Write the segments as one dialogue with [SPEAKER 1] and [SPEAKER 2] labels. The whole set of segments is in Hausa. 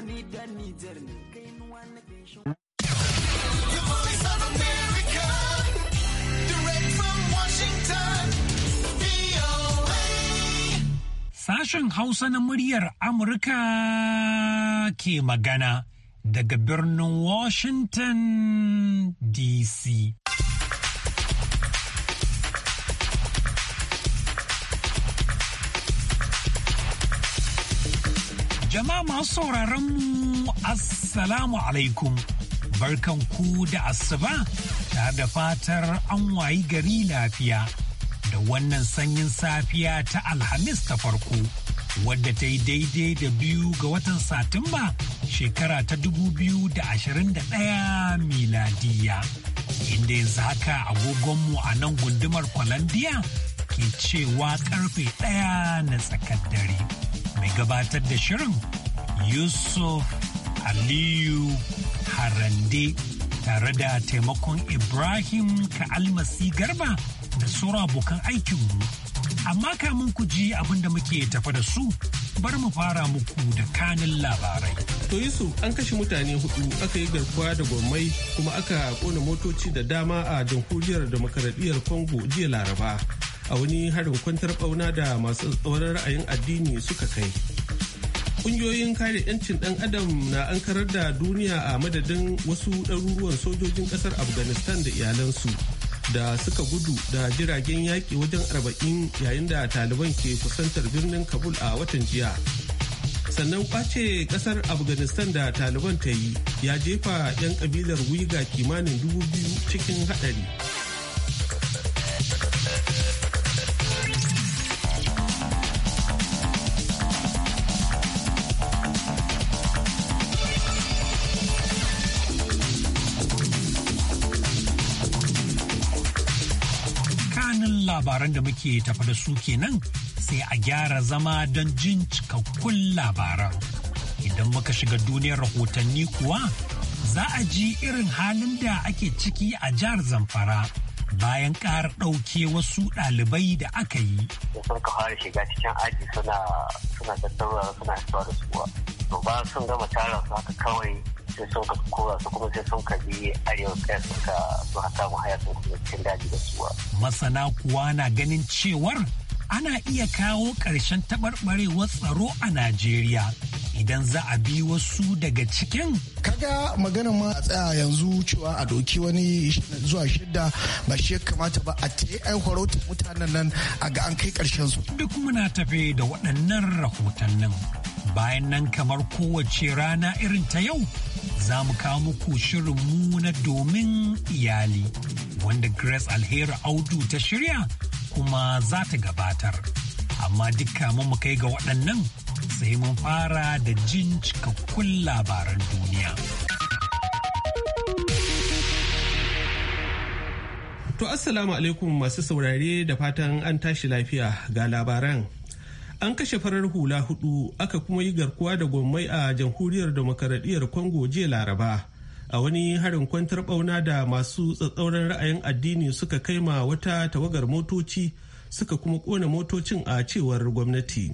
[SPEAKER 1] Germany da Nijar ne.
[SPEAKER 2] Sashen Hausa na muryar Amurka ke magana daga birnin Washington DC. Jama'a masu sauraron mu Assalamu alaikum. Barkan ku da asuba ta da fatar an wayi gari lafiya da wannan sanyin safiya ta Alhamis ta farko wadda ta yi daidai da biyu ga watan Satumba shekara ta dubu biyu da ashirin da ɗaya miladiya. Inda yanzu haka agogonmu a nan gundumar Kwalandiya ke cewa karfe ɗaya na tsakar dare. Mai gabatar da shirin Yusuf Aliyu Harande tare da taimakon Ibrahim ka Almasi Garba da sauran abokan aikinmu. Amma kamun ku ji abin da muke tafa da su bar mu fara muku da kanin labarai.
[SPEAKER 3] To Yusuf an kashe mutane hudu aka yi garkuwa da gwamnati kuma aka kona motoci da dama a jamhuriyar demokaradiyyar Congo jiya Laraba a wani harin kwantar bauna da masu tsoron ra'ayin addini suka kai Ƙungiyoyin kare 'yancin ɗan adam na an da duniya a madadin wasu ɗaruruwan sojojin ƙasar afghanistan da iyalansu da suka gudu da jiragen yaƙi wajen arba'in yayin da taliban ke kusantar birnin kabul a watan jiya sannan kwace ƙasar afghanistan da taliban ta yi ya jefa 'yan kabilar wiga kimanin dubu biyu cikin haɗari
[SPEAKER 2] labaran da muke tafa da su kenan sai a gyara zama don jin cikakkun labaran. Idan muka shiga duniyar rahotanni kuwa za a ji irin halin da ake ciki a jihar Zamfara. bayan ƙara ɗauke wasu ɗalibai da aka yi.
[SPEAKER 4] Da shiga cikin aji suna suna tattaura suna da To ba sun gama tara su haka kawai sai sun kora kuma sai sun arewa su haya sun kuma daji da suwa.
[SPEAKER 2] Masana kuwa na ganin cewar ana iya kawo ƙarshen taɓarɓarewar tsaro a Najeriya. idan za a bi wasu daga cikin?
[SPEAKER 5] Kaga magana ma a tsaya yanzu cewa a doki wani zuwa shidda ba shi kamata ba a te ai mutanen nan a ga an kai karshen su.
[SPEAKER 2] Duk muna tafe da waɗannan rahotannin. Bayan nan kamar kowace rana irin ta yau za mu kawo muku shirinmu na domin iyali wanda Grace Alheri Audu ta shirya kuma za ta gabatar. Amma dukka mu kai ga waɗannan sai mun fara da jin cikakkun labaran duniya.
[SPEAKER 3] To Assalamu alaikum masu saurare da fatan an tashi lafiya ga labaran. an kashe farar hula hudu aka kuma yi garkuwa da gwammai a jamhuriyar demokaradiyyar congo jiya laraba a wani harin kwantar bauna da masu tsatsauran ra'ayin addini suka kai ma wata tawagar motoci suka kuma kona motocin a cewar gwamnati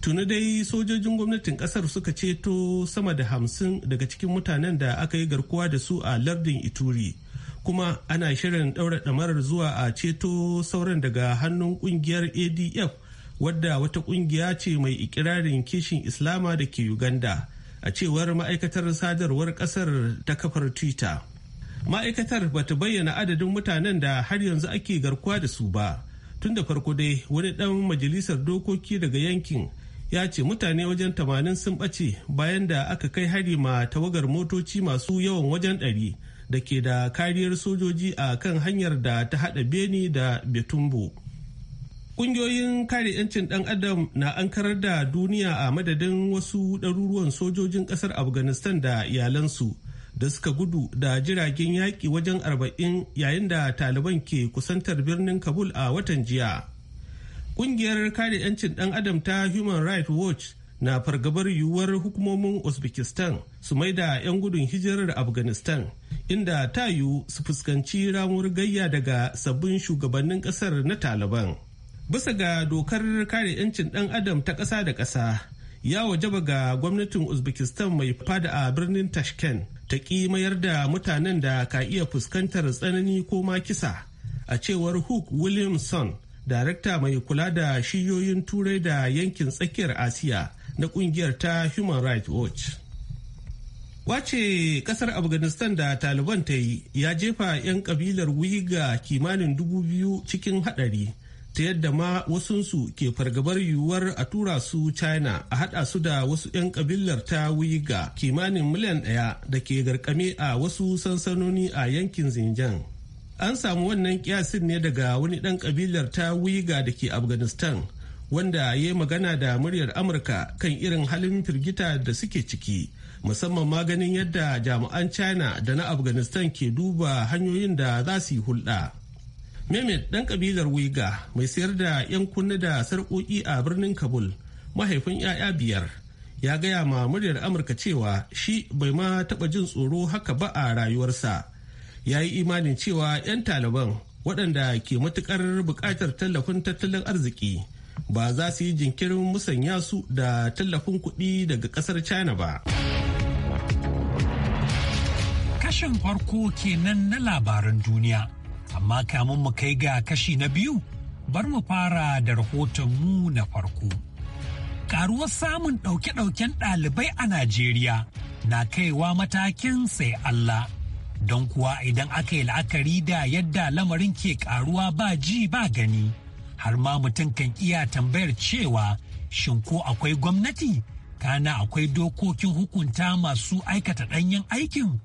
[SPEAKER 3] tuni dai sojojin gwamnatin kasar suka ceto sama da hamsin daga cikin mutanen da aka yi garkuwa da su a lardin ituri kuma ana shirin ɗaura ɗamarar zuwa a ceto sauran daga hannun ƙungiyar adf wadda wata kungiya ce mai ikirarin kishin islama da ke uganda a cewar ma'aikatar sadarwar kasar ta kafar twitter ma'aikatar ba ta bayyana adadin mutanen da har yanzu ake garkuwa da su ba tun da farko dai wani dan majalisar dokoki daga yankin ya ce mutane wajen tamanin sun ɓace bayan da aka kai hari ma tawagar motoci masu yawan wajen ɗari da ke da kariyar sojoji a kan hanyar da ta haɗa beni da betumbo Kungiyoyin kare 'yancin ɗan adam na ankarar da duniya a madadin wasu ɗaruruwan sojojin ƙasar Afghanistan da iyalansu da suka gudu da jiragen yaƙi wajen arba'in yayin da taliban ke kusantar birnin Kabul a watan jiya. Kungiyar kare 'yancin ɗan adam ta Human Rights Watch na fargabar yiwuwar hukumomin uzbekistan su mai da 'yan gudun hijirar afghanistan inda ta yiwu su fuskanci ramuwar gayya daga sabbin shugabannin ƙasar na taliban bisa ga dokar kare 'yancin ɗan adam ta ƙasa da ƙasa ya wajaba ga gwamnatin uzbekistan mai fada a birnin tashken ta ƙi mayar da mutanen da ka iya fuskantar tsanani ko ma kisa a cewar hook williamson darakta mai kula da shiyoyin turai da yankin tsakiyar asiya na kungiyar ta human rights watch Wace kasar Afghanistan da Taliban ta yi ya jefa 'yan kabilar Wiga kimanin dubu biyu cikin hadari ta yadda ma wasunsu ke fargabar yiwuwar a tura su china a hada su da wasu 'yan kabilar ta wiga kimanin miliyan daya da ke garkame a wasu sansanoni a yankin xinjiang an samu wannan kiyasin ne daga wani dan kabilar ta wiga da ke afghanistan wanda ya yi magana da muryar amurka kan irin halin firgita da suke ciki musamman maganin yadda jami'an china da na afghanistan ke duba hanyoyin da za su yi hulɗa mehmet ɗan ƙabilar wiga mai sayar da 'yan kunna da sarƙoƙi a birnin kabul mahaifin 'ya'ya biyar ya gaya ma muryar amurka cewa shi bai ma taɓa jin tsoro haka ba a rayuwarsa ya yi imanin cewa 'yan taliban waɗanda ke matuƙar buƙatar tallafin tattalin arziki ba za su yi jinkirin musanya su da tallafin kuɗi daga ƙasar china ba
[SPEAKER 2] kashin farko kenan na labaran duniya Amma kamun mu kai ga kashi na biyu, bar mu fara da rahoton mu na farko. Karuwar samun ɗauke-ɗauken ɗalibai a Najeriya na kaiwa matakin sai Allah. Don kuwa idan aka yi la'akari da yadda lamarin ke karuwa ba ji ba gani, har ma mutum kan iya tambayar cewa shin ko akwai gwamnati kana akwai dokokin hukunta masu aikata ɗanyen aikin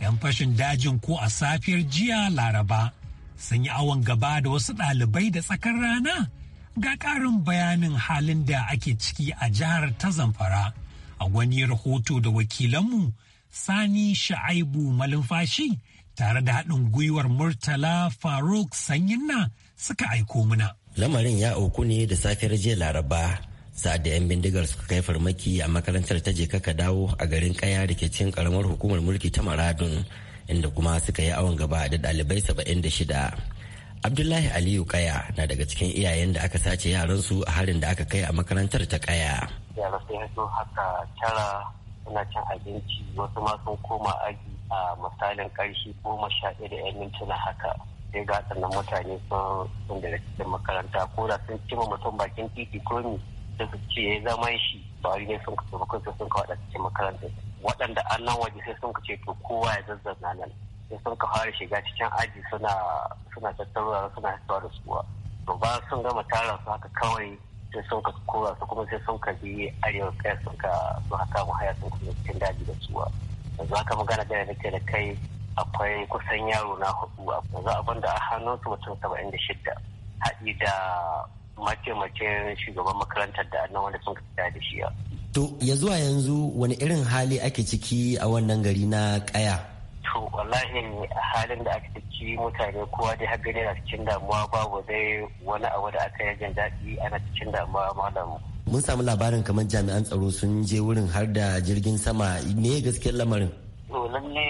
[SPEAKER 2] yan fashin dajin ko a safiyar jiya laraba sun yi awon gaba da wasu ɗalibai da tsakar rana ga ƙarin bayanin halin da ake ciki a jihar ta zamfara a wani rahoto da wakilanmu sani sha'aibu malumfashi tare da haɗin gwiwar murtala faruk sanyinna suka aiko muna
[SPEAKER 6] lamarin ya auku ne da safiyar jiya laraba sa'ad da 'yan bindigar suka kai farmaki a makarantar ta je kaka dawo a garin kaya da ke cikin karamar hukumar mulki ta maradun inda kuma suka yi awon gaba da ɗalibai 76 abdullahi aliyu kaya na daga cikin iyayen da aka sace yaransu a harin da aka kai a makarantar ta kaya
[SPEAKER 4] yara sun hito haka tara suna cin abinci wasu ma sun koma aji a misalin karshe goma sha ɗaya da yan mintuna haka sai ga sannan mutane sun daga cikin makaranta ko da sun cima mutum bakin titi ko da su ce ya zama shi ba wani ne sun kasu sun kawo da cikin makarantar waɗanda an nan waje sai sun ce to kowa ya zazzana nan sai sun ka fara shiga cikin aji suna suna tattaruwa suna haifuwa da suwa to ba sun gama tara su haka kawai sai sun ka kora su kuma sai sun ka bi arewa kai sun ka su haka mu haya sun kuma cikin daji da suwa yanzu haka magana da nake da kai akwai kusan yaro na hudu yanzu abin da a hannun su mutum saba'in da shida haɗi da mace-macen shugaban makarantar da annan wanda sun ka da shi
[SPEAKER 6] To ya zuwa yanzu wani irin hali ake ciki a wannan gari na kaya?
[SPEAKER 4] To wallahi halin da ake ciki mutane kowa dai har gani na cikin damuwa babu dai wani abu da aka yajin daɗi ana cikin damuwa malam.
[SPEAKER 6] Mun samu labarin kamar jami'an tsaro sun je wurin har da jirgin sama me gaskiyar lamarin?
[SPEAKER 4] To lalle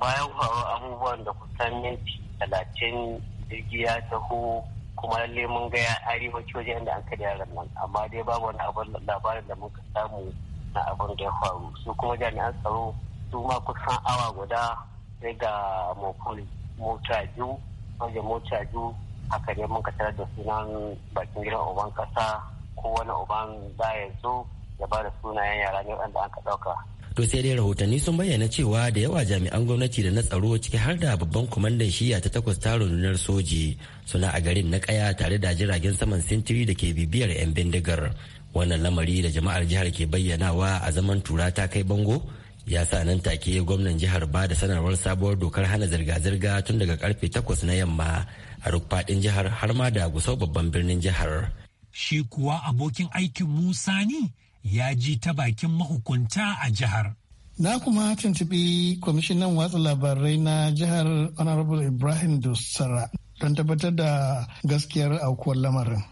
[SPEAKER 4] bayan faruwar abubuwan da kusan minti talatin jirgi ya taho kuma lalle mun ga arewaci wajen da an da yaran nan amma dai babu wani abin labarin da muka samu na abin da ya faru su kuma jami'an tsaro su ma kusan awa guda sai ga mokoli mota biyu wajen mota biyu haka ne mun tarar da sunan bakin gidan uban kasa ko wani uban ya zo ya ba da sunayen yara ne wanda ka ɗauka
[SPEAKER 6] to sai dai rahotanni sun bayyana cewa da yawa jami'an gwamnati da na tsaro ciki har da babban kwamandan shiya ta takwas ta rundunar soji suna a garin na kaya tare da jiragen saman sintiri da ke bibiyar 'yan bindigar wannan lamari da jama'ar jihar ke bayyanawa a zaman tura ta kai bango ya sa nan take gwamnan jihar ba da sanarwar sabuwar dokar hana zirga-zirga tun daga karfe 8 na yamma a rufaɗin jihar har ma da gusau babban birnin jihar
[SPEAKER 2] shi kuwa abokin aikin musa ne ya ji ta bakin mahukunta a jihar.
[SPEAKER 7] Na kuma tuntuɓi kwamishinan watsa labarai na jihar Honorable Ibrahim Dussara don tabbatar da gaskiyar aukuwar lamarin.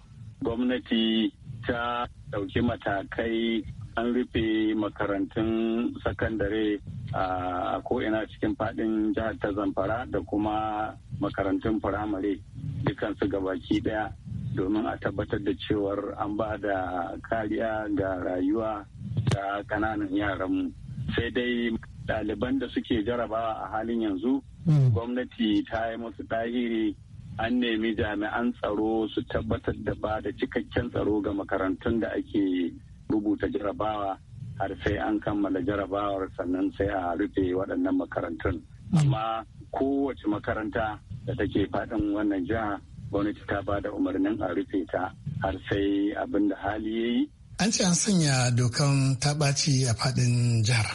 [SPEAKER 7] Gwamnati ta ɗauki matakai an rufe makarantun sakandare a ko'ina cikin faɗin jihar ta zamfara da kuma makarantun firamare dukansu baki ɗaya. domin a tabbatar da cewar an ba da kariya ga rayuwa ga kananan yaranmu sai dai ɗaliban da suke jarabawa a halin yanzu hmm. gwamnati ta yi musu tahiri an nemi jami'an tsaro su tabbatar da ba da cikakken tsaro ga makarantun da ake rubuta jarabawa har sai an kammala jarabawar sannan sai a rufe waɗannan makarantun hmm. amma kowace makaranta da take faɗin wannan jiha gwamnati ta ba da umarnin a rufe ta har sai abin da hali ya yi. An ce an sanya dokan ta ɓaci a faɗin jihar.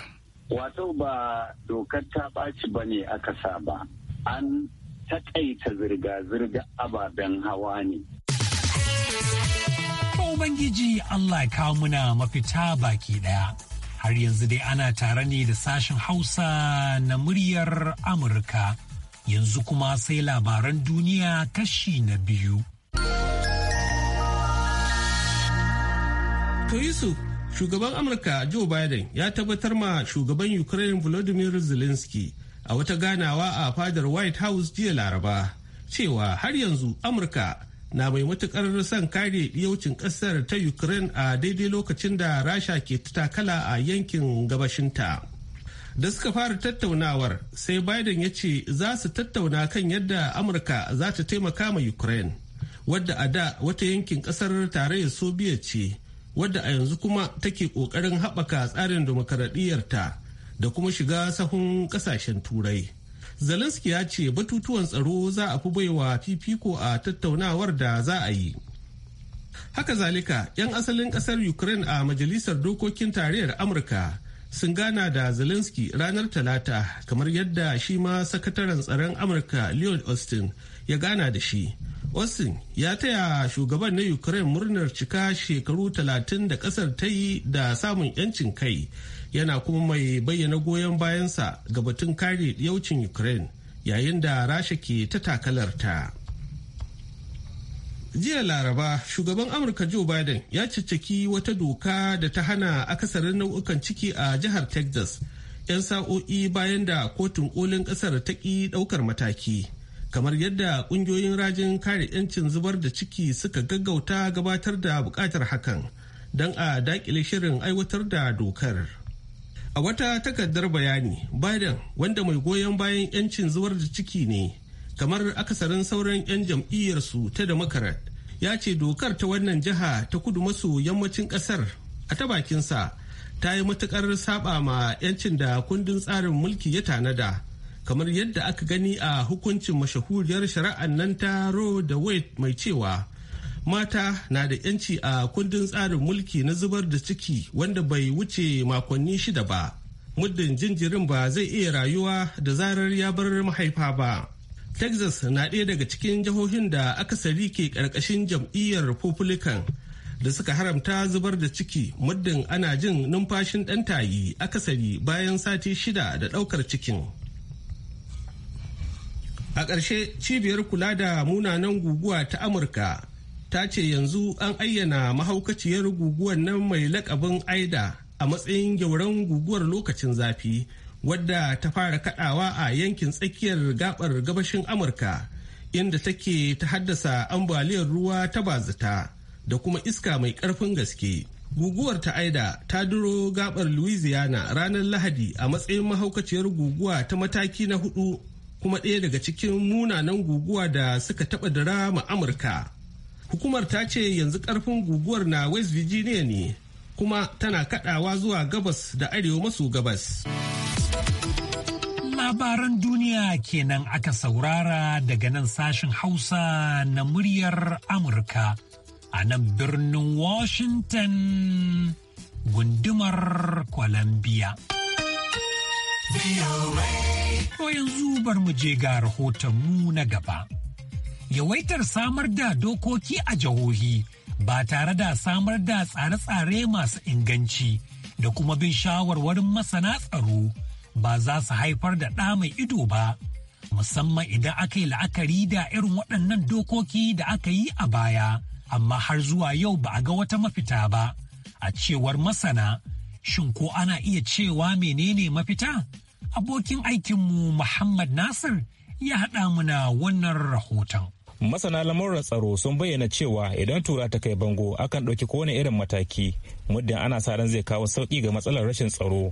[SPEAKER 7] Wato ba dokar ta ɓaci ba ne aka sa ba, an taƙaita zirga-zirga ababen hawa ne.
[SPEAKER 2] Ubangiji Allah ya kawo muna mafita baki ɗaya. Har yanzu dai ana tare ne da sashen Hausa na muryar Amurka. yanzu kuma
[SPEAKER 3] sai labaran duniya kashi na biyu. To Yusuf, shugaban Amurka Joe Biden ya tabbatar ma shugaban Ukraine Volodymyr Zelensky a wata ganawa a fadar White House jiya Laraba cewa har yanzu Amurka na mai matukar son kare yaucin ƙasar ta Ukraine a daidai lokacin da Rasha ke takala a yankin gabashinta. da suka fara tattaunawar sai biden ya ce za su tattauna kan yadda amurka za ta taimaka ma ukraine wadda a da wata yankin kasar tarayyar soviet ce wadda a yanzu kuma take kokarin haɓaka tsarin demokaradiyyarta da kuma shiga sahun kasashen turai zelensky ya ce batutuwan tsaro za a fi baiwa fifiko a tattaunawar da za a yi haka zalika 'yan asalin kasar ukraine a majalisar dokokin tarayyar amurka sun gana da Zelensky ranar Talata kamar yadda shi ma sakataren tsaron Amurka leon Austin ya gana da shi. Austin ya taya shugaban na Ukraine murnar cika shekaru talatin da kasar ta yi da samun 'yancin kai yana kuma mai bayyana goyon bayansa ga batun kare yaucin Ukraine yayin da Rasha ke ta takalarta. jiya laraba shugaban amurka joe biden ya cicciki wata doka da ta hana akasarin nau'ukan ciki a jihar texas 'yan sa'o'i bayan da kotun kolin kasar ta ƙi ɗaukar mataki kamar yadda ƙungiyoyin rajin kare 'yancin zubar da ciki suka gaggauta gabatar da buƙatar hakan don a daƙile shirin aiwatar da dokar a wata takardar bayani biden wanda mai goyon bayan 'yancin zubar da ciki ne kamar akasarin sauran 'yan jam'iyyarsu ta demokrat ya ce dokar ta wannan jiha ta kudu maso yammacin kasar a ta bakinsa ta yi matukar saba ma 'yancin da kundin tsarin mulki ya tanada kamar yadda aka gani a hukuncin mashahuriyar shari'an nan ta da Wait mai cewa mata na da 'yanci a kundin tsarin mulki na zubar da ciki wanda bai wuce makonni shida ba muddin jinjirin ba zai iya rayuwa da zarar ya bar mahaifa ba Texas na ɗaya daga cikin jihohin da akasari ke ƙarƙashin jam'iyyar Republican da suka haramta zubar da ciki muddin ana jin numfashin ɗan tayi akasari bayan sati shida da ɗaukar cikin. A ƙarshe cibiyar kula da munanan guguwa ta Amurka ta ce yanzu an ayyana mahaukaciyar guguwar nan mai lakabin aida a matsayin gyauran guguwar lokacin zafi. wadda ta fara kadawa a yankin tsakiyar gabar gabashin amurka inda take ta haddasa ambaliyar ruwa ta bazata da kuma iska mai karfin gaske guguwar ta aida ta duro gabar louisiana ranar lahadi a matsayin mahaukaciyar guguwa ta mataki na hudu kuma ɗaya daga cikin munanan guguwa da suka taɓa dira ma amurka hukumar ta ce yanzu karfin guguwar na west virginia ne kuma tana kadawa zuwa gabas da arewa maso gabas. labaran duniya kenan aka saurara
[SPEAKER 2] daga nan sashen Hausa na muryar Amurka a nan birnin Washington gundumar Columbia. Ko yanzu bar mu je ga rahotonmu na gaba. Yawaitar samar da dokoki a jihohi ba tare da samar da tsare-tsare masu inganci da kuma bin shawarwarin masana tsaro. ba za su haifar da ɗa mai ido ba musamman idan aka yi la'akari da irin waɗannan dokoki da aka yi a baya amma har zuwa yau ba a ga wata mafita ba a cewar masana shin ko ana iya cewa menene mafita abokin aikinmu muhammad nasir ya haɗa muna wannan rahoton
[SPEAKER 8] masana lamuran tsaro sun bayyana cewa idan tura ta kai bango akan ɗauki kowane irin mataki muddin ana sa ran zai kawo sauƙi ga matsalar rashin tsaro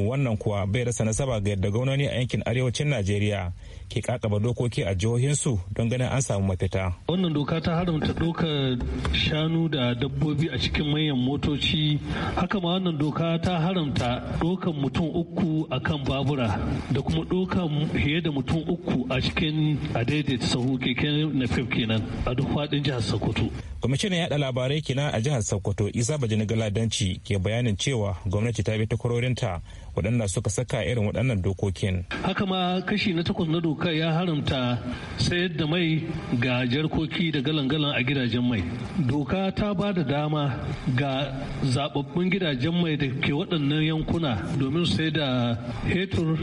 [SPEAKER 8] wannan kuwa bai rasa nasaba ga yadda gwamnoni a yankin arewacin najeriya ke kakaba dokoki a jihohinsu don ganin an samu mafita
[SPEAKER 2] wannan doka ta haramta ɗaukar shanu da dabbobi a cikin manyan motoci haka ma wannan doka ta haramta ɗaukar mutum uku a kan babura da kuma ɗaukar fiye da mutum uku a cikin
[SPEAKER 8] adaidaita sahu keke na kenan a duk faɗin jihar sokoto kwamishinan yaɗa labarai kina a jihar sokoto isa na galadanci ke bayanin cewa gwamnati ta bi takwarorinta waɗanda suka saka irin waɗannan dokokin
[SPEAKER 2] haka ma kashi na takwas na doka ya haramta sayar da mai ga jarkoki da galan-galan a gidajen mai
[SPEAKER 3] doka ta ba da dama
[SPEAKER 2] ga zababbun gidajen mai da ke waɗannan yankuna domin sai
[SPEAKER 8] da hetur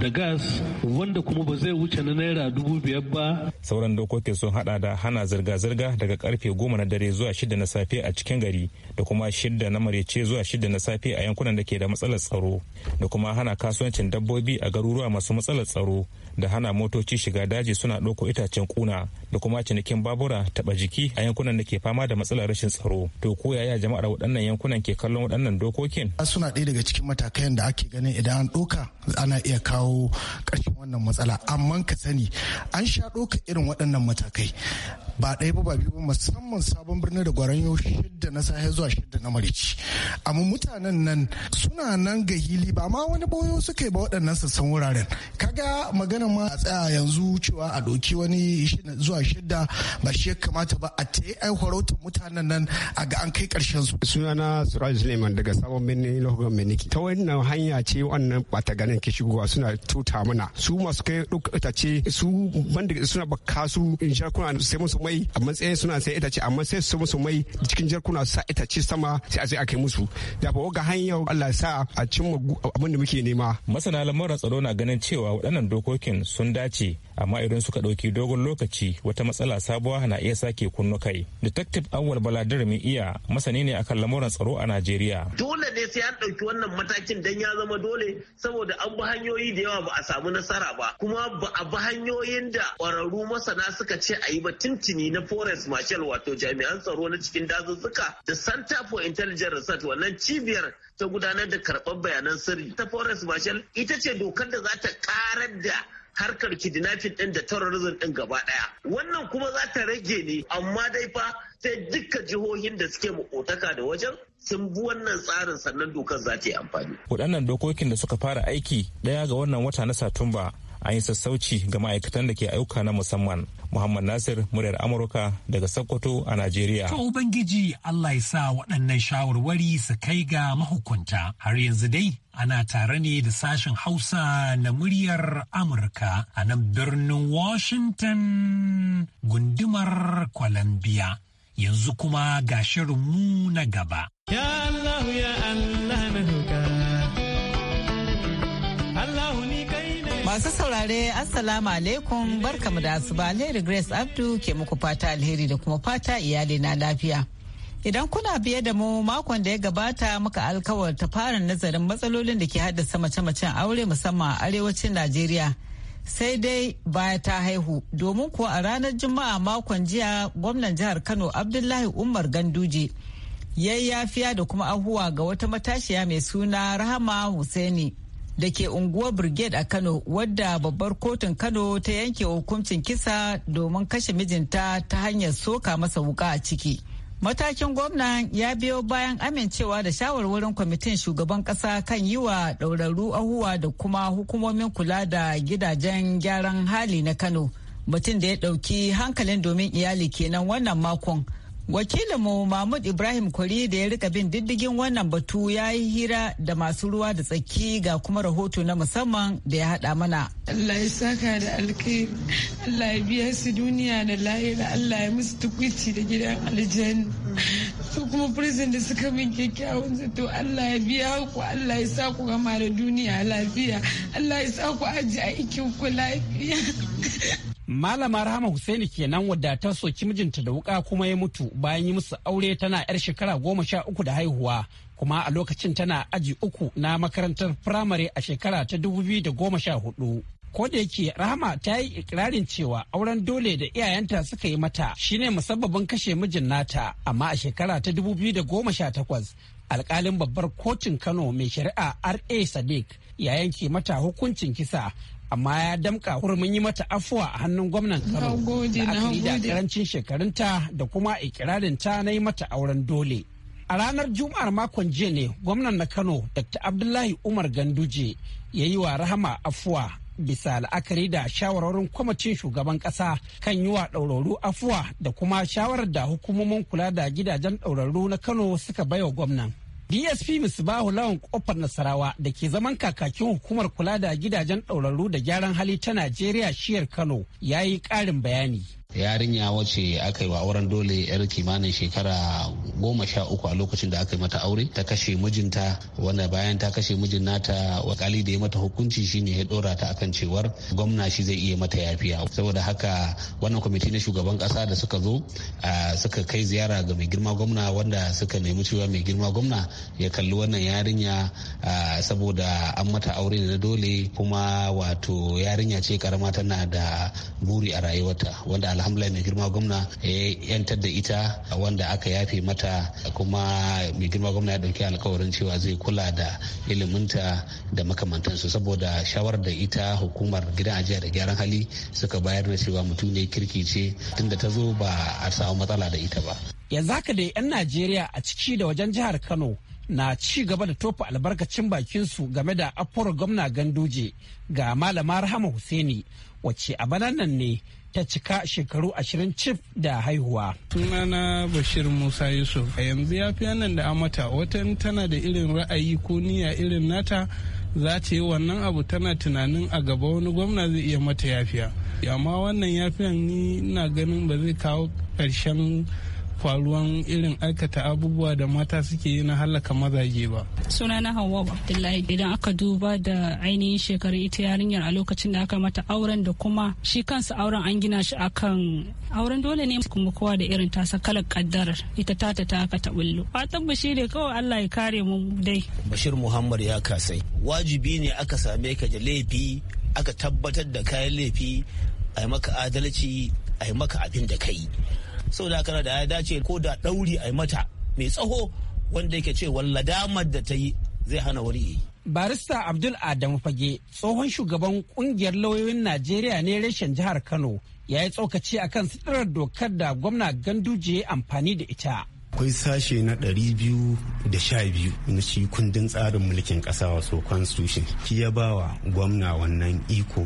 [SPEAKER 8] da gas wanda kuma ba zai wuce na naira dubu biyar ba sauran dokokin sun hada da hana zirga-zirga daga karfe goma na dare zuwa shida na safe a cikin gari da kuma shida na marece zuwa shida na safe a yankunan da ke da matsalar tsaro da kuma hana kasuwancin dabbobi a garuruwa masu matsalar tsaro da hana motoci shiga daji suna ɗauko itacen kuna da kuma cinikin babura taba jiki a yankunan da ke fama da matsalar rashin tsaro to ko yaya jama'ar waɗannan yankunan ke kallon waɗannan dokokin
[SPEAKER 5] suna ɗaya daga cikin matakan da ake ganin idan an ɗoka ana iya kawo ƙarshen wannan matsala amma ka sani an sha ɗoka irin waɗannan matakai ba ɗaya ba ba biyu ba musamman sabon birnin da gwaran yau shidda na sahe zuwa shidda na marici amma mutanen nan suna nan ga hili ba ma wani boyo suka yi ba waɗannan sassan wuraren kaga magana ma a tsaya yanzu cewa a ɗoki wani zuwa shidda ba shi ya kamata ba a ta yi ai horautar mutanen nan a ga an kai karshen su. sunana suraj suleiman daga sabon birnin lokacin meniki ta wannan hanya ce wannan bata ganin ke shigowa suna tuta mana su masu kai duk itace su banda suna baka su in jarkuna sai musu mai a matsayin suna sai itace amma sai su musu mai cikin jarkuna
[SPEAKER 8] sa itace sama sai a sai a kai musu da ba ga hanyar Allah sa a cimma abin da muke nema. masana lamarin tsaro na ganin cewa waɗannan dokokin sun dace amma idan suka ɗauki dogon lokaci wata matsala sabuwa na iya sake kunno kai. Detective Awal Baladir mai iya masani ne akan lamuran tsaro a Najeriya.
[SPEAKER 9] Dole ne sai an ɗauki wannan matakin dan ya zama dole saboda an bi hanyoyi da yawa ba a samu nasara ba kuma ba a bi hanyoyin da ƙwararru masana suka ce a yi ba tintini na forest marshal wato jami'an tsaro na cikin dazuzzuka da Center for Intelligence Research wannan cibiyar ta gudanar da karɓar bayanan sirri ta forest marshal ita ce dokar da za ta karar da harkar kidnapping din da terrorism din gaba daya wannan kuma za ta rage ne amma dai fa sai dukkan jihohin da suke makotaka da wajen sun bi wannan tsarin sannan dokar za ta yi amfani.
[SPEAKER 8] Waɗannan dokokin da suka fara aiki ɗaya ga wannan wata na Satumba an yi sassauci ga ma'aikatan da ke ayyuka na musamman muhammad nasir muryar amurka daga sokoto a najeriya to
[SPEAKER 2] ubangiji allah ya sa waɗannan shawarwari su kai ga mahukunta har yanzu dai ana tare ne da sashen hausa na muryar amurka a nan birnin washington gundumar columbia yanzu kuma ga shirinmu
[SPEAKER 10] na gaba ya allah ya allah na Masu saurare Assalamu alaikum barkamu da asuba Alheri Grace Abdu ke muku fata alheri da kuma fata iyali na lafiya. Idan kuna biye da mu makon da ya gabata muka alkawar ta fara nazarin matsalolin da ke haddasa mace-macen aure musamman a arewacin Najeriya. Sai dai baya ta haihu domin kuwa a ranar Juma'a makon jiya gwamnan jihar Kano Abdullahi Umar Ganduje yafiya da kuma ahuwa ga wata matashiya mai suna Rahama Hussaini. da ke unguwar brigade a kano wadda babbar kotun kano ta yanke hukuncin kisa domin kashe mijinta ta hanyar soka masa wuka a ciki matakin gwamnan ya biyo bayan amincewa da shawarwarin kwamitin shugaban kasa kan yi wa ɗaurarru ahuwa da kuma hukumomin kula da gidajen gyaran hali na kano mutum da ya ɗauki hankalin domin iyali kenan wannan makon Wakilinmu Mahmud Ibrahim Kwari da ya rika bin diddigin wannan batu ya yi hira da masu ruwa da tsaki ga kuma rahoto na musamman da ya haɗa mana. Allah ya saka da alkhairi, Allah ya biya su duniya da lahira, Allah ya musu tukwici da gidan aljanna. Su kuma prison da suka min kyakkyawan zato Allah ya biya ku, Allah ya sa ku gama da duniya lafiya, Allah ya sa ku aji aikin ku lafiya. Malama
[SPEAKER 1] Rahama Hussaini kenan wadda ta soki mijinta da wuka kuma ya mutu bayan yi musu aure tana 'yar shekara goma sha uku da haihuwa kuma a lokacin tana aji uku na makarantar firamare a shekara ta dubu biyu da goma sha hudu. Ko da yake Rahama ta yi ikirarin cewa auren dole da iyayenta suka yi mata shine musabbabin kashe mijin nata amma a shekara ta dubu biyu da goma sha takwas alkalin babbar kotun Kano mai shari'a R.A. Sadiq ya yanke mata hukuncin kisa amma ya damka hurumin yi mata afuwa a hannun gwamnan kano da karancin shekarunta da kuma ta na yi mata auren dole a ranar juma'ar makon jiya ne gwamnan na kano dr abdullahi umar ganduje ya yi wa rahama afuwa bisa la'akari da shawarwarin kwamitin shugaban kasa kan yi wa ɗauraru afuwa da kuma shawarar da hukumomin kula da gidajen ɗaurarru na kano suka baiwa gwamnan dsp misbahu lawan kofar nasarawa da ke zaman kakakin hukumar kula da gidajen ɗaurarru da gyaran hali ta najeriya shiyar kano ya yi ƙarin bayani yarinya wace aka yi wa auren dole yar kimanin shekara goma sha uku a lokacin da aka yi mata aure ta kashe mijinta wanda bayan ta kashe mijin nata wakali da ya mata hukunci shine ya dora ta akan cewar gwamna shi zai iya mata yafiya saboda haka wannan kwamiti na shugaban kasa da suka zo suka kai ziyara ga mai girma gwamna wanda suka nemi cewa mai girma gwamna ya kalli wannan yarinya saboda an mata aure na dole kuma wato yarinya ce karama tana da buri a rayuwarta wanda hamla mai girma gwamna ya yantar da ita wanda aka yafe mata kuma mai girma gwamna ya ɗauki alkawarin cewa zai kula da iliminta da makamantansu saboda shawarar da ita hukumar gidan ajiya da gyaran hali suka bayar na cewa mutum ne kirki ce tunda ta zo ba a samu matsala da ita ba. yanzu haka dai 'yan najeriya a ciki da wajen jihar kano na ci gaba da tofa albarkacin bakin su game da afuwar gwamna ganduje ga malama rahama Hussaini Wace a nan ne ta cika shekaru ashirin cif da haihuwa.
[SPEAKER 3] Sunana Bashir Musa Yusuf a yanzu ya fi nan da amata watan tana da irin ra'ayi ko niyya irin nata za ta yi wannan abu tana tunanin a gaba wani gwamna zai iya mata yafiya. Amma wannan yafiyan ni ina ganin ba zai kawo ƙarshen faruwan irin aikata abubuwa da mata suke yi na halaka mazaje ba.
[SPEAKER 10] Suna na Hauwa Abdullahi idan aka duba da ainihin shekaru ita yarinyar a lokacin da aka mata auren da kuma shi kansa auren an gina shi akan auren dole ne kuma kowa da irin tasa kalar kaddarar ita ta ta ta aka taɓullo. Fatan Bashir ne kawai Allah ya kare mu dai.
[SPEAKER 9] Bashir Muhammad ya kasai wajibi ne aka same ka da laifi aka tabbatar da kayan laifi a maka adalci a maka abin da ka yi. saboda haka da ya dace ko da dauri a mata mai tsaho wanda yake ce walla damar da ta yi zai hana wani yi.
[SPEAKER 1] Barista Abdul Adamu Fage tsohon shugaban kungiyar lauyoyin Najeriya ne reshen jihar Kano ya yi tsokaci kan sitirar dokar da gwamna gandu Ganduje amfani da ita.
[SPEAKER 5] akwai sashe na ɗari biyu da sha biyu na shi kundin tsarin mulkin ƙasa wato constitution ya ba wa gwamna wannan iko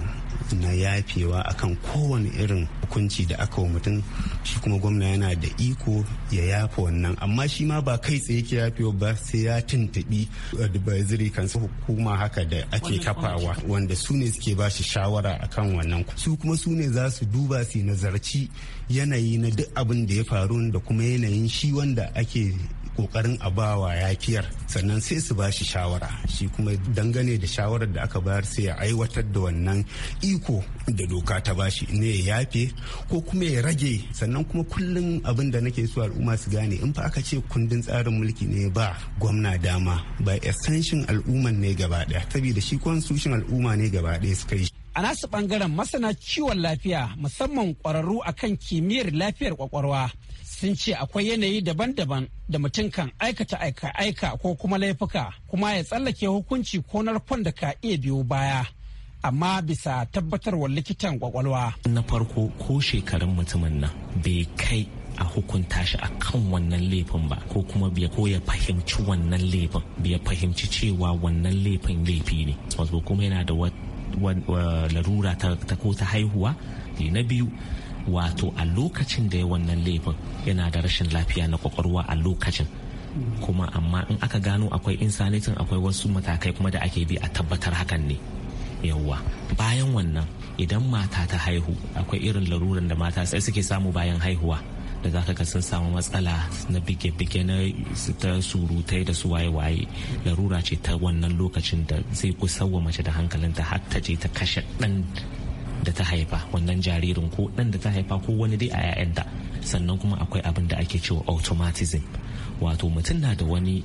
[SPEAKER 5] na yafewa akan kowane irin hukunci da aka wa mutum shi kuma gwamna yana da iko ya yafa wannan amma shi ma ba kai tsaye ke yafewa ba sai ya tuntubi advisory kansa hukuma haka da ake kafawa wanda su ne suke ba shi shawara akan wannan su kuma su ne za su duba su nazarci yanayi na duk abin da ya faru da kuma yanayin shi wanda ake kokarin a bawa yakiyar sannan sai su bashi shawara shi kuma dangane da shawarar da aka bayar sai ya aiwatar da wannan iko da doka ta bashi ne ya yafe ko kuma ya rage sannan kuma kullum abin da nake so al'umma su gane in fa aka ce kundin tsarin mulki ne ba gwamna dama ba extension al'umman ne gaba daya saboda shi sushin al'umma ne gaba daya suka yi
[SPEAKER 1] A nasu ɓangaren masana ciwon lafiya musamman ƙwararru akan kimiyyar lafiyar ƙwaƙwarwa sun ce akwai yanayi daban-daban da mutum kan aikata aika ko kuma laifuka kuma ya tsallake hukunci ko narkon da ka iya biyo baya. amma bisa tabbatarwar likitan kwakwalwa.
[SPEAKER 11] Na farko ko shekarun mutumin nan bai kai a hukunta shi akan wannan laifin ba ko kuma bai ko ya fahimci wannan laifin bai fahimci cewa wannan laifin laifi ne wato kuma yana da wata. larura ta ko ta haihuwa na biyu wato a lokacin da ya wannan laifin yana da rashin lafiya na kwakwalwa a lokacin kuma amma in aka gano akwai insanitin akwai wasu matakai kuma da ake bi a tabbatar hakan ne yawwa bayan wannan idan mata ta haihu akwai irin laruran da mata sai suke samu bayan haihuwa da za ka ga sun samu matsala na bige-bige na ta surutai da su waye-waye larura ce ta wannan lokacin da zai kusa wa mace da hankalinta har ta je ta kashe ɗan da ta haifa wannan jaririn ko ɗan da ta haifa ko wani dai a 'ya'yanta sannan kuma akwai abin da ake cewa automatism wato mutum na da wani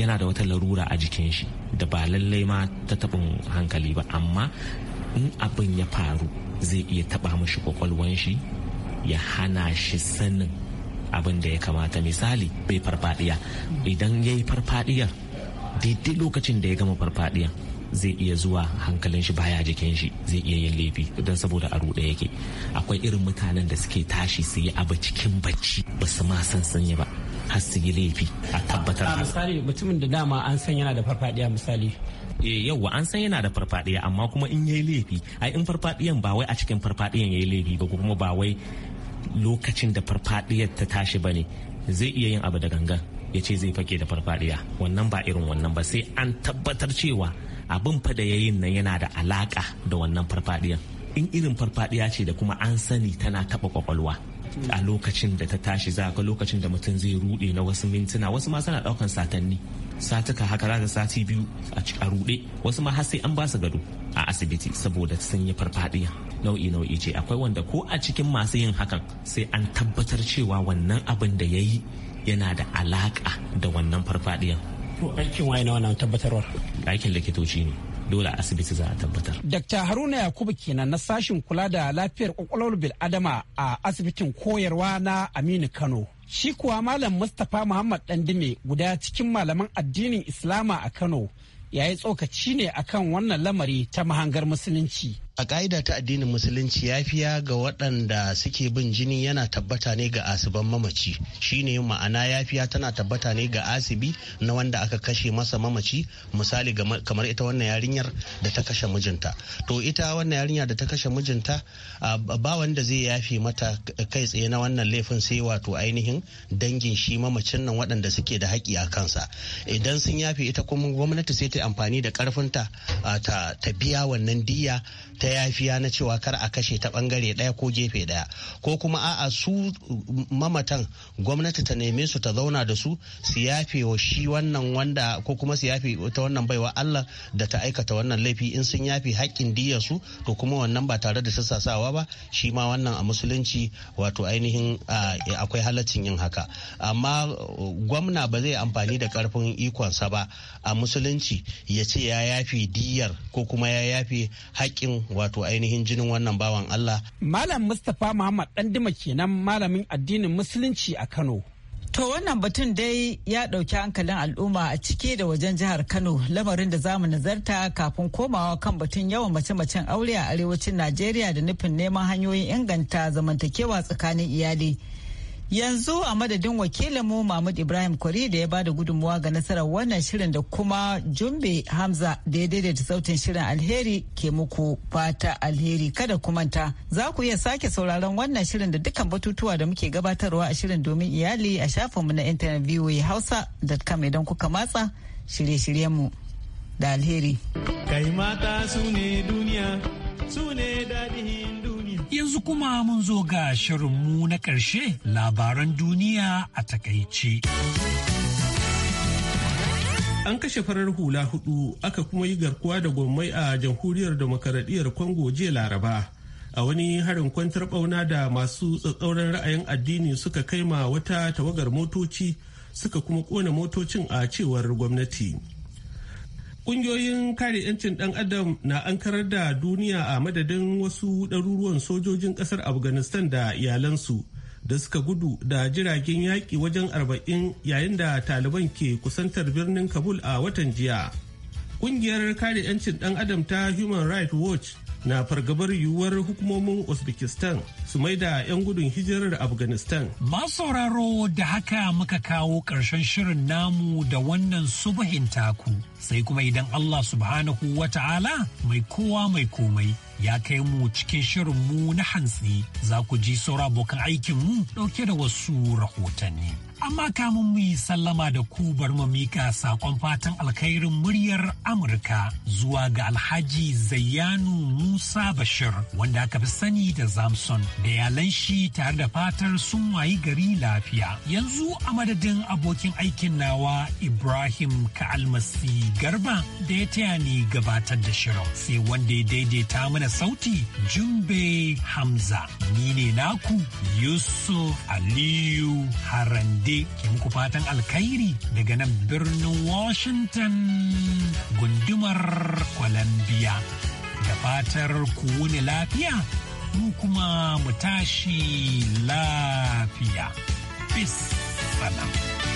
[SPEAKER 11] yana da wata larura a jikin shi da ba lallai ma ta taɓin hankali ba amma in abin ya faru zai iya taɓa mashi kwakwalwan shi ya hana shi sanin abin da ya kamata misali bai farfadiya idan ya yi farfadiya daidai lokacin da ya gama farfadiya zai iya zuwa hankalin shi baya jikin shi zai iya yin laifi don saboda a ruɗe yake akwai irin mutanen da suke tashi su yi abu cikin bacci ba su ma san sanya ba har laifi a tabbatar
[SPEAKER 1] misali mutumin da dama an san yana da farfadiya misali
[SPEAKER 11] eh, yauwa an san yana da farfadiya amma kuma in yayi laifi ai in farfadiyan ba wai a cikin farfadiyan yayi laifi ba kuma ba wai lokacin da farfadiyar ta tashi bane zai iya yin abu da gangan ya ce zai fake da farfadiya wannan ba irin wannan ba sai an tabbatar cewa abin fa da yayin nan yana da alaka da wannan farfadiyan in irin farfadiya ce da kuma an sani tana taba kwakwalwa a lokacin da ta tashi za ga lokacin da mutum zai rude na wasu mintuna wasu ma suna daukan satanni satuka haka za sati biyu a rude wasu ma har sai an ba su gado a asibiti saboda sun yi farfadiya nau'i nau'i ce akwai wanda ko a cikin masu yin hakan sai an tabbatar cewa wannan abin da ya yi yana da alaka da wannan farfadiyan.
[SPEAKER 1] aikin waye na wannan tabbatarwar
[SPEAKER 11] aikin likitoci ne dole a asibiti za a tabbatar.
[SPEAKER 1] Dr. Haruna Yakubu kenan na sashin kula da lafiyar kwakwalwar adama a asibitin koyarwa na Aminu Kano. Shi kuwa Malam Mustapha Muhammad Dandime guda cikin malaman addinin Islama a Kano yayi tsokaci ne akan wannan lamari ta mahangar musulunci. a ka'ida ta addinin musulunci yafiya ga waɗanda
[SPEAKER 9] suke bin jini yana tabbata ne ga asiban mamaci shine ma'ana yafiya tana tabbata ne ga asibi na wanda aka kashe masa mamaci misali kamar ita wannan yarinyar da ta kashe mijinta to ita wannan yarinya da ta kashe mijinta ba wanda zai yafe mata kai tsaye na wannan laifin sai wato ainihin dangin shi mamacin nan waɗanda suke da haƙi a kansa idan sun yafe ita kuma gwamnati sai ta amfani da ƙarfinta ta biya wannan diya ta yafiya na cewa kar a kashe ta bangare daya ko gefe daya ko kuma a'a su mamatan gwamnati ta neme su ta zauna da su su yafe wa shi wannan wanda ko kuma su yafe ta wannan baiwa Allah da ta aikata wannan laifi in sun yafe haƙƙin diyar su to kuma wannan ba tare da sassasawa ba shi ma wannan a musulunci wato ainihin akwai halaccin yin haka amma gwamna ba zai amfani da karfin sa ba a musulunci ya ce ya yafi diyar ko
[SPEAKER 1] kuma ya yafe haƙƙin wato ainihin jinin wannan bawan Allah. Malam Mustapha Muhammad
[SPEAKER 10] dima kenan malamin addinin Musulunci a Kano. To wannan batun dai ya ɗauki hankalin al'umma a cike da wajen jihar Kano lamarin da zamu nazarta kafin komawa kan batun yawan mace-macen aure a arewacin Najeriya da nufin neman hanyoyin inganta zamantakewa tsakanin iyali. Yanzu a madadin wakilinmu Mahmud Ibrahim Kwari da ya ba da gudunmuwa ga nasarar wannan shirin da kuma Jumbe Hamza da ya daidaita sautin shirin alheri ke muku fata alheri kada kumanta. Za ku iya sake sauraron wannan shirin da dukkan batutuwa da muke gabatarwa a shirin domin iyali a shafinmu na intanet voahausa.com idan kuka matsa shirye-shiryenmu da alheri. Kai mata
[SPEAKER 2] su ne duniya, su ne Yanzu kuma mun zo ga shirinmu na ƙarshe labaran duniya a takaice.
[SPEAKER 3] An kashe farar hula hudu aka kuma yi garkuwa da gwammai a jamhuriyar demokaradiyyar Congo jiya Laraba. A wani harin kwantar ɓauna da masu tsatsauran ra'ayin addini suka kai ma wata tawagar motoci suka kuma kona motocin a cewar gwamnati. Ƙungiyoyin kare 'yancin ɗan adam na ankarar da duniya a madadin wasu ɗaruruwan sojojin ƙasar Afghanistan da iyalansu da suka gudu da jiragen yaƙi wajen arba'in yayin da taliban ke kusantar birnin Kabul a watan jiya. Ƙungiyar kare 'yancin ɗan adam ta Human Rights Watch na fargabar yiwuwar hukumomin uzbekistan su mai da 'yan gudun hijirar afghanistan
[SPEAKER 2] Masu sauraro da haka muka kawo ƙarshen shirin namu da wannan subuhin taku sai kuma idan Allah subhanahu wa ta'ala mai kowa mai komai ya kai mu cikin shirin mu na hantsi za ku ji saura abokan aikinmu ɗauke da wasu rahotanni. Amma kamun mu yi sallama da ku bar mu mika saƙon fatan alkhairin muryar Amurka zuwa ga Alhaji Zayyanu Musa Bashir wanda aka fi sani da Zamson da yalan shi tare da fatar sun wayi gari lafiya. Yanzu a madadin abokin aikin nawa Ibrahim Ka'almasi Garba da ya taya ni gabatar da shirin sai wanda ya daidaita mana sauti Jumbe Hamza. Ni ne naku Yusuf Aliyu Harande ke muku fatan alkhairi daga nan birnin Washington gundumar Columbia. Da fatar ku lafiya, mu kuma mu tashi lafiya. Peace.